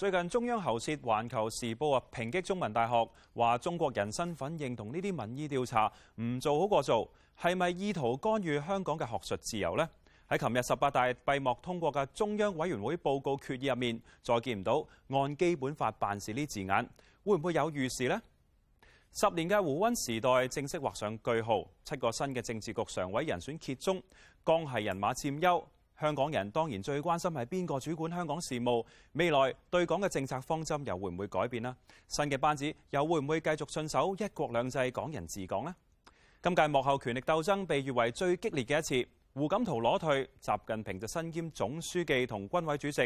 最近中央喉舌《環球時報》啊，抨擊中文大學，話中國人身份認同呢啲民意調查唔做好過做，係咪意圖干預香港嘅學術自由咧？喺琴日十八大閉幕通過嘅中央委員會報告決議入面，再見唔到按基本法辦事呢字眼，會唔會有預示咧？十年嘅胡溫時代正式畫上句號，七個新嘅政治局常委人選揭盅，江系人馬佔優。香港人當然最關心係邊個主管香港事務，未來對港嘅政策方針又會唔會改變呢？新嘅班子又會唔會繼續信守一國兩制、港人治港呢？今屆幕後權力鬥爭被譽為最激烈嘅一次，胡錦濤裸退，習近平就身兼總書記同軍委主席。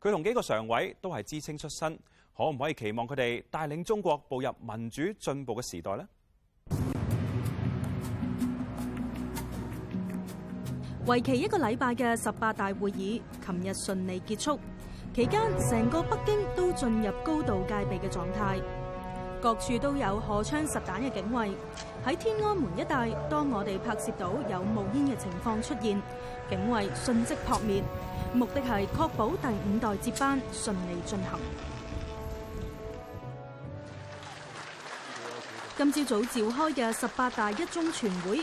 佢同幾個常委都係知青出身，可唔可以期望佢哋帶領中國步入民主進步嘅時代呢？為期一個禮拜嘅十八大會議，琴日順利結束。期間，成個北京都進入高度戒備嘅狀態，各處都有荷槍實彈嘅警衛。喺天安門一帶，當我哋拍攝到有冒煙嘅情況出現，警衛迅即撲滅，目的係確保第五代接班順利進行。 今朝早，早召開嘅十八大一中全會。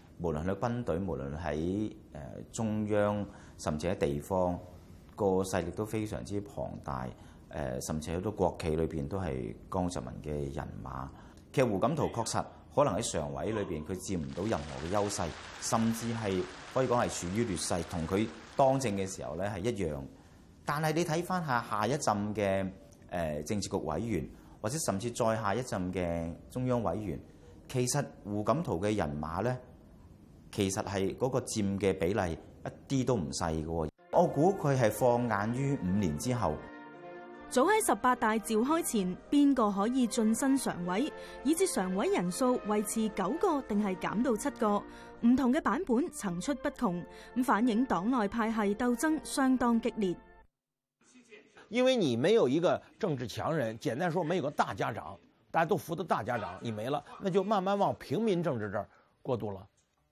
無論喺軍隊，無論喺誒中央，甚至喺地方個勢力都非常之龐大。誒，甚至好多國企裏邊都係江澤民嘅人馬。其實胡錦濤確實可能喺常委裏邊佢佔唔到任何嘅優勢，甚至係可以講係處於劣勢，同佢當政嘅時候咧係一樣。但係你睇翻下下一陣嘅誒政治局委員，或者甚至再下一陣嘅中央委員，其實胡錦濤嘅人馬咧。其實係嗰個佔嘅比例一啲都唔細嘅，我估佢係放眼於五年之後。早喺十八大召開前，邊個可以晉身常委，以至常委人數維持九個定係減到七個？唔同嘅版本層出不窮，咁反映黨內派系鬥爭相當激烈。因為你沒有一個政治強人，簡單說，沒有一個大家長，大家都服得大家長，你沒了，那就慢慢往平民政治這過渡了。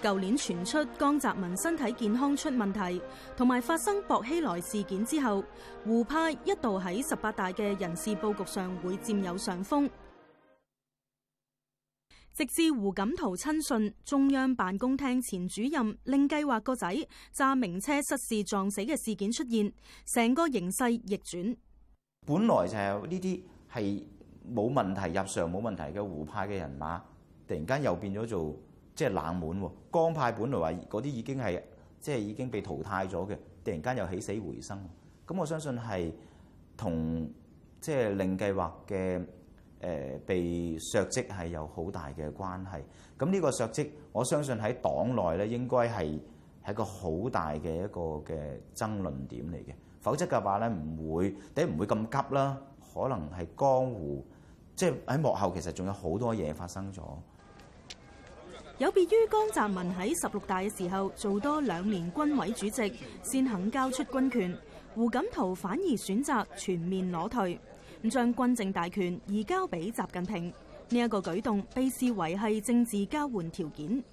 舊年傳出江澤民身體健康出問題，同埋發生薄熙來事件之後，胡派一度喺十八大嘅人事布局上會佔有上風，直至胡錦濤親信、中央辦公廳前主任令計劃個仔揸名車失事撞死嘅事件出現，成個形勢逆轉。本來就係呢啲係冇問題入常冇問題嘅胡派嘅人馬，突然間又變咗做。即係冷門喎，江派本來話嗰啲已經係即係已經被淘汰咗嘅，突然間又起死回生，咁我相信係同即係令計劃嘅誒、呃、被削職係有好大嘅關係。咁呢個削職，我相信喺黨內咧應該係係個好大嘅一個嘅爭論點嚟嘅，否則嘅話咧唔會你唔會咁急啦，可能係江湖即係喺幕後其實仲有好多嘢發生咗。有別於江澤民喺十六大嘅時候做多兩年軍委主席，先肯交出軍權，胡錦濤反而選擇全面攞退，咁將軍政大權移交俾習近平。呢、這、一個舉動被視為係政治交換條件。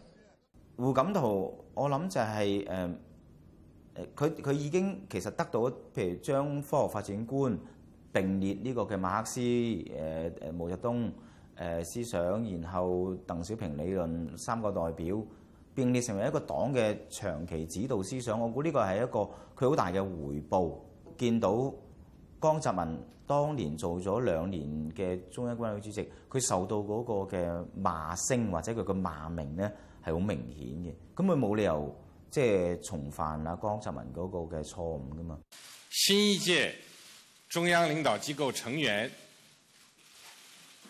胡錦濤，我諗就係誒誒，佢、呃、佢已經其實得到譬如將科學發展觀並列呢個嘅馬克思誒誒、呃、毛澤東。誒思想，然後鄧小平理論三個代表並列成為一個黨嘅長期指導思想。我估呢個係一個佢好大嘅回報。見到江澤民當年做咗兩年嘅中央軍委主席，佢受到嗰個嘅罵聲或者佢嘅罵名咧係好明顯嘅。噉佢冇理由即係重犯啊江澤民嗰個嘅錯誤㗎嘛。新一屆中央領導機構成員。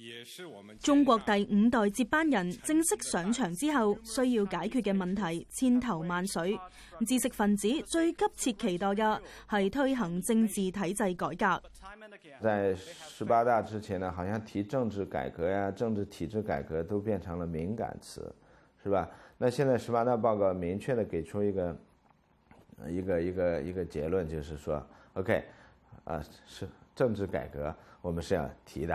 也是我們中國第五代接班人正式上場之後，需要解決嘅問題千頭萬緒，知識分子最急切期待嘅係推行政治體制改革。在十八大之前呢，好像提政治改革呀、啊、政治體制改革都變成了敏感詞，是吧？那現在十八大報告明確地給出一個一個一個一個一個結論，就是說，OK，啊，是政治改革，我們是要提的。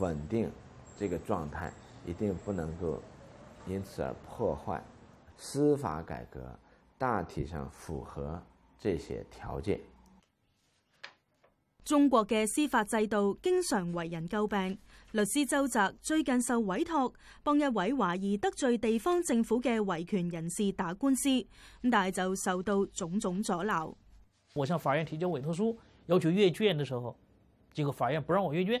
穩定這個狀態，一定不能夠因此而破壞司法改革。大體上符合這些條件。中國嘅司法制度經常為人詬病，律師周澤最近受委託幫一位懷疑得罪地方政府嘅維權人士打官司，咁但係就受到種種阻撓。我向法院提交委託書，要求閱卷的時候，結果法院不讓我閱卷。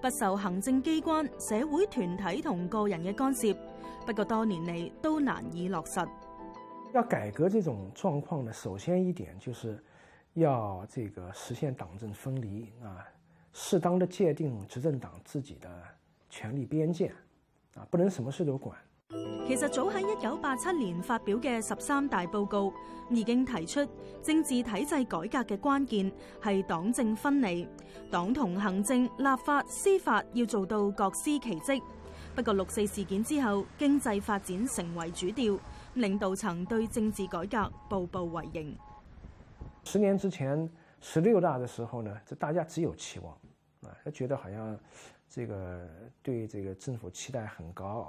不受行政機關、社會團體同個人嘅干涉，不過多年嚟都難以落實。要改革這種狀況呢，首先一點就是要這個實現黨政分離啊，適當的界定執政黨自己的權力邊界啊，不能什麼事都管。其實早喺一九八七年發表嘅十三大報告已經提出政治體制改革嘅關鍵係黨政分離，黨同行政、立法、司法要做到各司其職。不過六四事件之後，經濟發展成為主調，領導層對政治改革步步為營。十年之前，十六大的時候呢，大家只有期望啊，覺得好像這個對這個政府期待很高。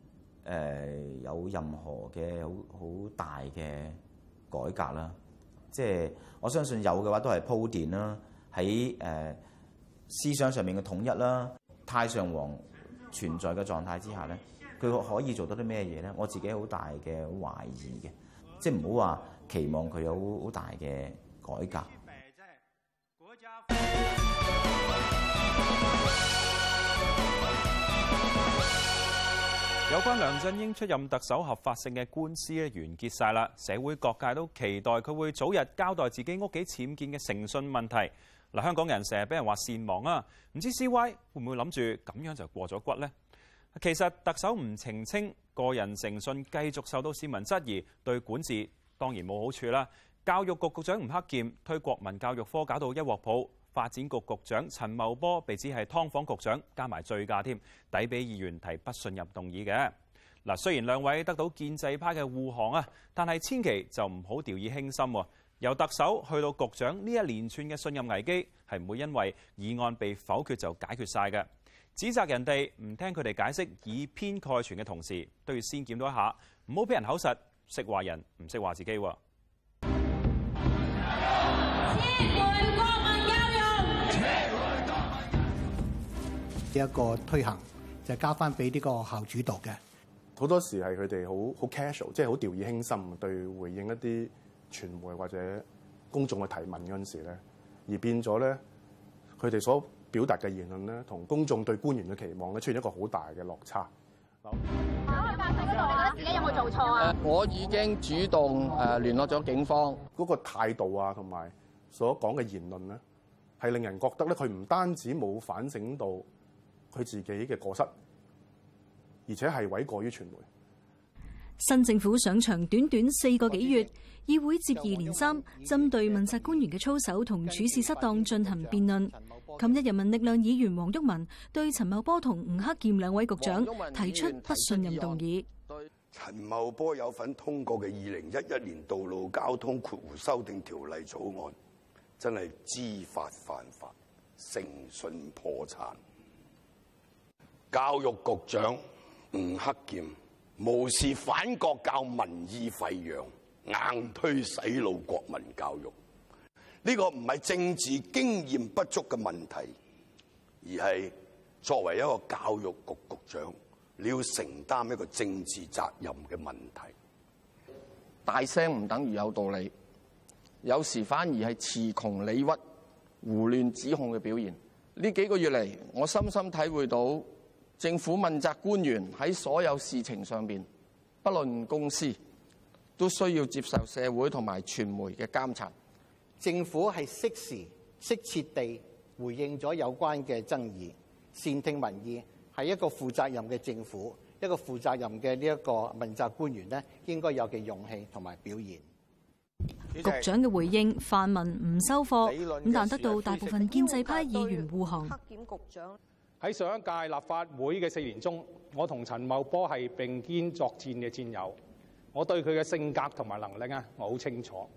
誒、呃、有任何嘅好好大嘅改革啦，即係我相信有嘅話都係鋪墊啦，喺誒、呃、思想上面嘅統一啦，太上皇存在嘅狀態之下咧，佢可以做到啲咩嘢咧？我自己好大嘅懷疑嘅，即係唔好話期望佢有好大嘅改革。有關梁振英出任特首合法性嘅官司咧，完結晒啦。社會各界都期待佢會早日交代自己屋企僭建嘅誠信問題。嗱，香港人成日俾人話善忘啊，唔知 C Y 會唔會諗住咁樣就過咗骨呢？其實特首唔澄清個人誠信，繼續受到市民質疑，對管治當然冇好處啦。教育局局長吳克儉推國民教育科，搞到一鑊泡。發展局局長陳茂波被指係劏房局長，加埋醉駕添，抵俾議員提不信任動議嘅。嗱，雖然兩位得到建制派嘅護航啊，但係千祈就唔好掉以輕心。由特首去到局長呢一連串嘅信任危機，係唔會因為議案被否決就解決晒嘅。指責人哋唔聽佢哋解釋，以偏概全嘅同時，都要先檢討一下，唔好俾人口實，識話人，唔識話自己。嘅一個推行就係、交翻俾呢個校主讀嘅好多時係佢哋好好 casual，即係好掉以輕心對回應一啲傳媒或者公眾嘅提問嗰陣時咧，而變咗咧佢哋所表達嘅言論咧，同公眾對官員嘅期望咧出現一個好大嘅落差。嗱，度，你覺得自己有冇做錯啊？我已經主動誒聯絡咗警方嗰個態度啊，同埋所講嘅言論咧，係令人覺得咧，佢唔單止冇反省到。佢自己嘅過失，而且係毀過於傳媒。新政府上場短短四個幾月，議會接二連三針對問責官員嘅操守同處事失當進行辯論。琴日人民力量議員黃毓民對陳茂波同吳克儉兩位局長提出不信任動議。陳茂波有份通過嘅二零一一年道路交通括弧修訂條例草案，真係知法犯法、誠信破產。教育局長吳克儉無視反國教民意沸揚，硬推洗腦國民教育，呢個唔係政治經驗不足嘅問題，而係作為一個教育局局長，你要承擔一個政治責任嘅問題。大聲唔等於有道理，有時反而係詞窮理屈、胡亂指控嘅表現。呢幾個月嚟，我深深體會到。政府問責官員喺所有事情上邊，不論公私都需要接受社會同埋傳媒嘅監察。政府係適時適切地回應咗有關嘅爭議，善聽民意，係一個負責任嘅政府，一個負責任嘅呢一個問責官員咧，應該有嘅勇氣同埋表現。主席。局長嘅回應泛民唔收貨，咁但得到大部分建制派議員護航。喺上一屆立法會嘅四年中，我同陳茂波係並肩作戰嘅戰友，我對佢嘅性格同埋能力啊，我好清楚。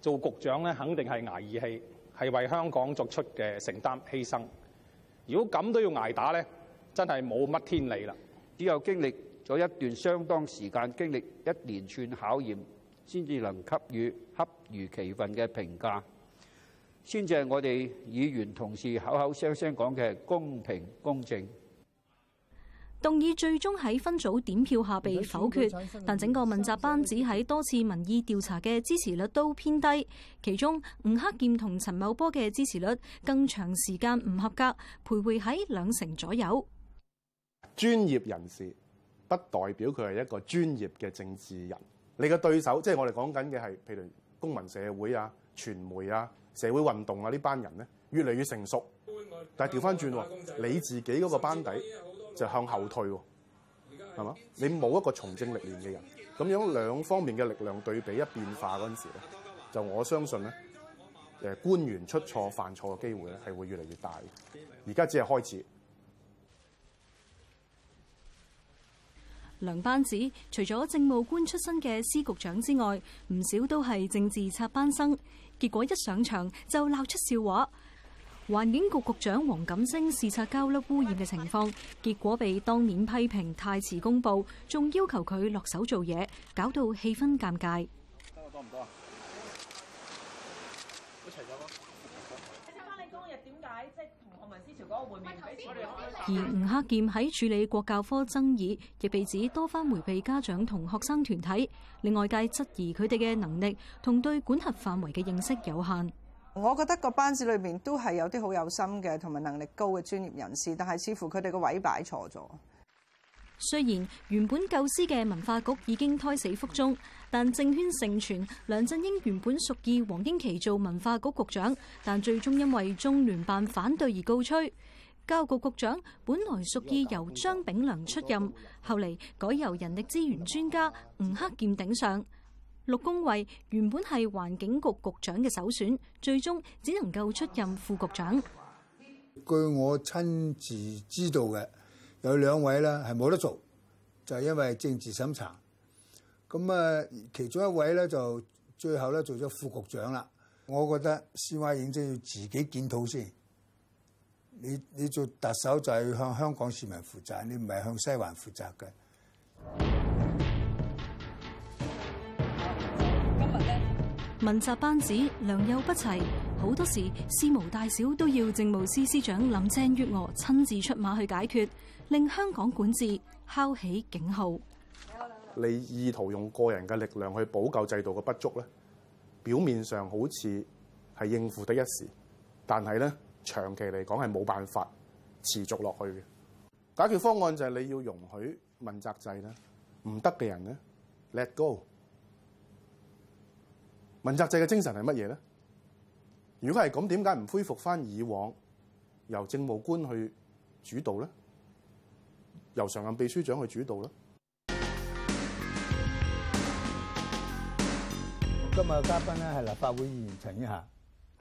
做局長咧，肯定係捱義氣，係為香港作出嘅承擔犧牲。如果咁都要挨打咧，真係冇乜天理啦！只有經歷咗一段相當時間，經歷一連串考驗，先至能給予恰如其分嘅評價。先至係我哋議員同事口口聲聲講嘅公平公正。動議，最終喺分組點票下被否決。但整個問責班子喺多次民意調查嘅支持率都偏低。其中吳克儉同陳茂波嘅支持率更長時間唔合格，徘徊喺兩成左右。專業人士不代表佢係一個專業嘅政治人。你嘅對手，即係我哋講緊嘅係，譬如公民社會啊、傳媒啊。社會運動啊！呢班人呢，越嚟越成熟，但係調翻轉喎，你自己嗰個班底就向後退喎，係嘛？你冇一個從政歷練嘅人，咁樣兩方面嘅力量對比一變化嗰陣時咧，就我相信咧，誒官員出錯犯錯嘅機會咧係會越嚟越大。而家只係開始。梁班子除咗政務官出身嘅司局長之外，唔少都係政治插班生。結果一上場就鬧出笑話。環境局局長黃錦星視察膠粒污染嘅情況，結果被當面批評太遲公布，仲要求佢落手做嘢，搞到氣氛尷尬。得我多唔多啊？好齊咗啦。你先翻，你嗰日點解即？而吳克儉喺處理國教科爭議，亦被指多番回避家長同學生團體，令外界質疑佢哋嘅能力同對管轄範圍嘅認識有限。我覺得個班子裏面都係有啲好有心嘅、同埋能力高嘅專業人士，但係似乎佢哋個位擺錯咗。雖然原本構思嘅文化局已經胎死腹中，但政圈盛傳梁振英原本屬意黃英琦做文化局局長，但最終因為中聯辦反對而告吹。教育局局長本來屬意由張炳良出任，後嚟改由人力資源專家吳克儉頂上。陸恭蕙原本係環境局局長嘅首選，最終只能夠出任副局長。據我親自知道嘅。有兩位咧係冇得做，就係、是、因為政治審查。咁啊，其中一位咧就最後咧做咗副局長啦。我覺得 CY 認真要自己檢討先。你你做特首就係向香港市民負責，你唔係向西環負責嘅。今日咧問責班子良莠不齊。好多時，事無大小都要政務司司長林鄭月娥親自出馬去解決，令香港管治敲起警號。你意圖用個人嘅力量去補救制度嘅不足咧，表面上好似係應付得一時，但係咧長期嚟講係冇辦法持續落去嘅。解決方案就係你要容許問責制咧，唔得嘅人咧 Let go。問責制嘅精神係乜嘢咧？如果係咁，點解唔恢復返以往由政務官去主導咧？由常任秘書長去主導咧？今日嘅嘉賓咧係立法會議員陳婉嫻，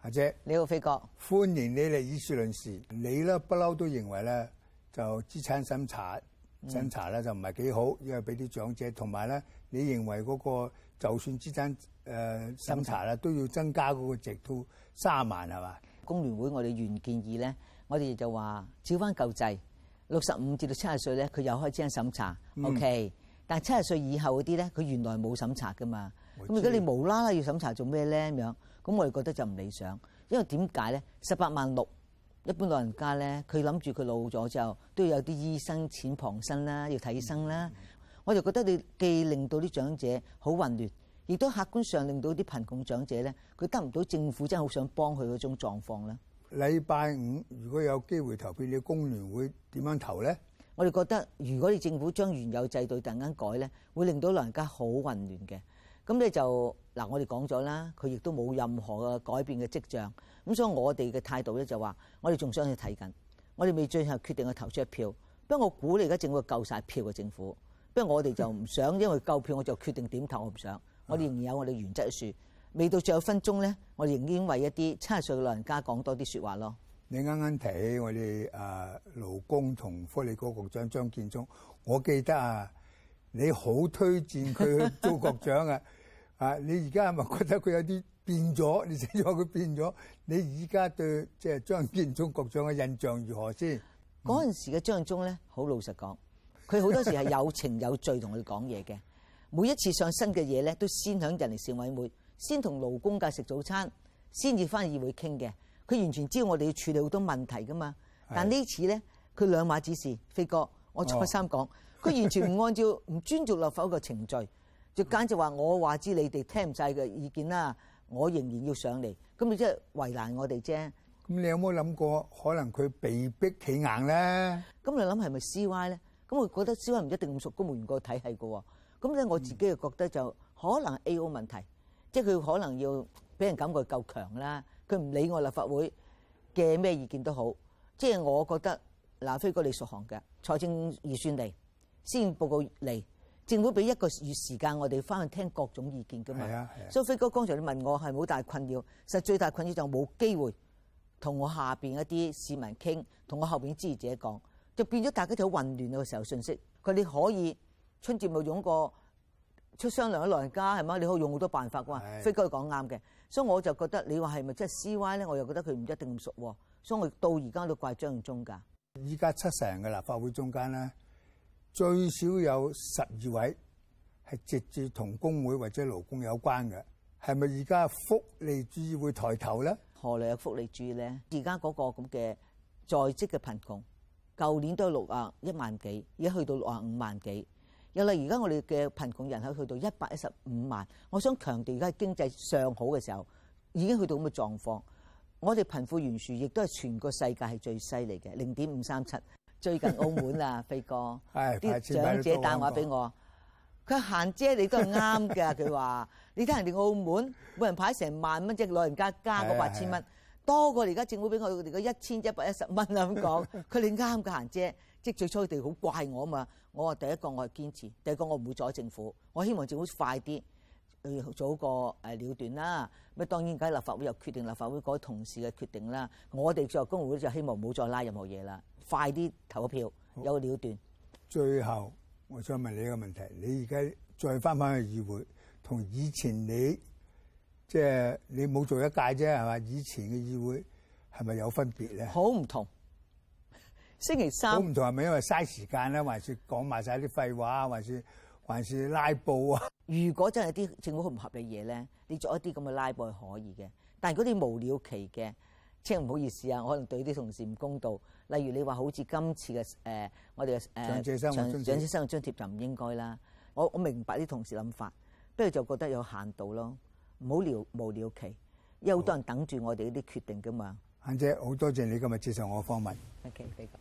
阿姐你好，飛哥，歡迎你嚟議事論事。你咧不嬲都認為咧就資產審查審查咧就唔係幾好，因為俾啲長者同埋咧，你認為嗰、那個就算資產誒、呃、審查啦，查都要增加嗰個值到三十萬係嘛？是吧，工聯會，我哋原建議咧，我哋就話照翻舊制，六十五至到七十歲咧，佢又可以進行審查。嗯、O.K.，但七十歲以後嗰啲咧，佢原來冇審查噶嘛。咁如果你無啦啦要審查做咩咧？咁樣咁我哋覺得就唔理想，因為點解咧？十八萬六，一般老人家咧，佢諗住佢老咗之後都要有啲醫生錢傍身啦，要睇醫生啦。嗯嗯、我就覺得你既令到啲長者好混亂。亦都客觀上令到啲貧窮長者咧，佢得唔到政府真係好想幫佢嗰種狀況。咧禮拜五如果有機會投票，你的工聯會點樣投咧？我哋覺得，如果你政府將原有制度突然間改咧，會令到老人家好混亂嘅。咁你就嗱，我哋講咗啦，佢亦都冇任何嘅改變嘅跡象。咁所以我的我，我哋嘅態度咧就話，我哋仲想去睇緊，我哋未最後決定去投出一票。不過我估你而家政府夠晒票嘅政府。不過我哋就唔想，因為夠票我就決定點投，我唔想。我哋唔有我哋原則嘅樹，未到最後分鐘咧，我哋仍然為一啲七十歲嘅老人家講多啲説話咯。你啱啱提起我哋誒勞工同福利局局長張建宗，我記得啊，你好推薦佢做局長啊！啊， 你而家係咪覺得佢有啲變咗？你先咗佢變咗？你而家對即係張建宗局長嘅印象如何先？嗰陣時嘅張建宗咧，好老實講，佢好多時係有情有罪同佢哋講嘢嘅。每一次上新嘅嘢咧，都先喺人力善委會，先同勞工界食早餐，先至翻議會傾嘅。佢完全知道我哋要處理好多問題噶嘛。的但呢次咧，佢兩碼子事，飛哥，我再三講，佢、哦、完全唔按照唔尊重立法嘅程序， 就簡直話我話知你哋聽唔晒嘅意見啦。我仍然要上嚟，咁你即係為難我哋啫。咁你有冇諗過可能佢被逼企硬咧？咁你諗係咪 C.Y. 咧？咁我覺得 C.Y. 唔一定咁熟公務員個體系噶喎。咁咧，我自己又覺得就可能 A.O. 問題，即係佢可能要俾人感覺夠強啦。佢唔理我立法會嘅咩意見都好，即係我覺得嗱，飛哥你屬行嘅財政預算嚟施政報告嚟，政府俾一個月時間我哋翻去聽各種意見㗎嘛。係啊係啊，所以飛哥剛才你問我係冇大困擾，實最大困擾就冇機會同我下邊一啲市民傾，同我後面支持者講，就變咗大家就混亂嘅時候信息。佢哋可以。春節冇用過出商量一老人家係嘛？你可以用好多辦法嘅，飛哥講啱嘅，所以我就覺得你話係咪即係 C.Y. 咧？我又覺得佢唔一定咁熟，所以我到而家都怪張耀宗㗎。依家七十人嘅立法會中間咧，最少有十二位係直接同工會或者勞工有關嘅，係咪而家福利主義會抬頭咧？何嚟有福利主義咧？而家嗰個咁嘅在職嘅貧窮，舊年都六啊一萬幾，而家去到六啊五萬幾。又例如，而家我哋嘅貧窮人口去到一百一十五萬，我想強調而家經濟尚好嘅時候已經去到咁嘅狀況。我哋貧富懸殊亦都係全個世界係最犀利嘅零點五三七。最近澳門啦，飛哥啲 長者打電話俾我他，佢嫻姐你都係啱㗎。佢話：你睇人哋澳門每人派成萬蚊，即係老人家加個八千蚊，多過而家政府俾我哋嘅一千一百一十蚊啊咁講。佢哋啱嘅嫻姐，即係最初佢哋好怪我啊嘛。我話第一個我係堅持，第二個我唔會阻政府。我希望政府快啲去做個誒了斷啦。咁當然梗係立法會又決,決定，立法會嗰同事嘅決定啦。我哋作為工會就希望唔好再拉任何嘢啦，快啲投個票，好有個了斷。最後，我想問你一個問題：你而家再翻返去議會，同以前你即係、就是、你冇做一屆啫，係嘛？以前嘅議會係咪有分別咧？好唔同。星期三好唔同係咪因為嘥時間咧，還是講埋晒啲廢話，還是還是拉布啊？如果真係啲政府好唔合理嘢咧，你做一啲咁嘅拉布係可以嘅。但係嗰啲無聊期嘅，即係唔好意思啊，我可能對啲同事唔公道。例如你話好似今次嘅誒、呃，我哋嘅長者生、長長者生活嘅津貼就唔應該啦。我我明白啲同事諗法，不過就覺得有限度咯，唔好聊無聊期，有好多人等住我哋嗰啲決定噶嘛。嫻姐好，好多謝你今日接受我嘅訪問。O、okay,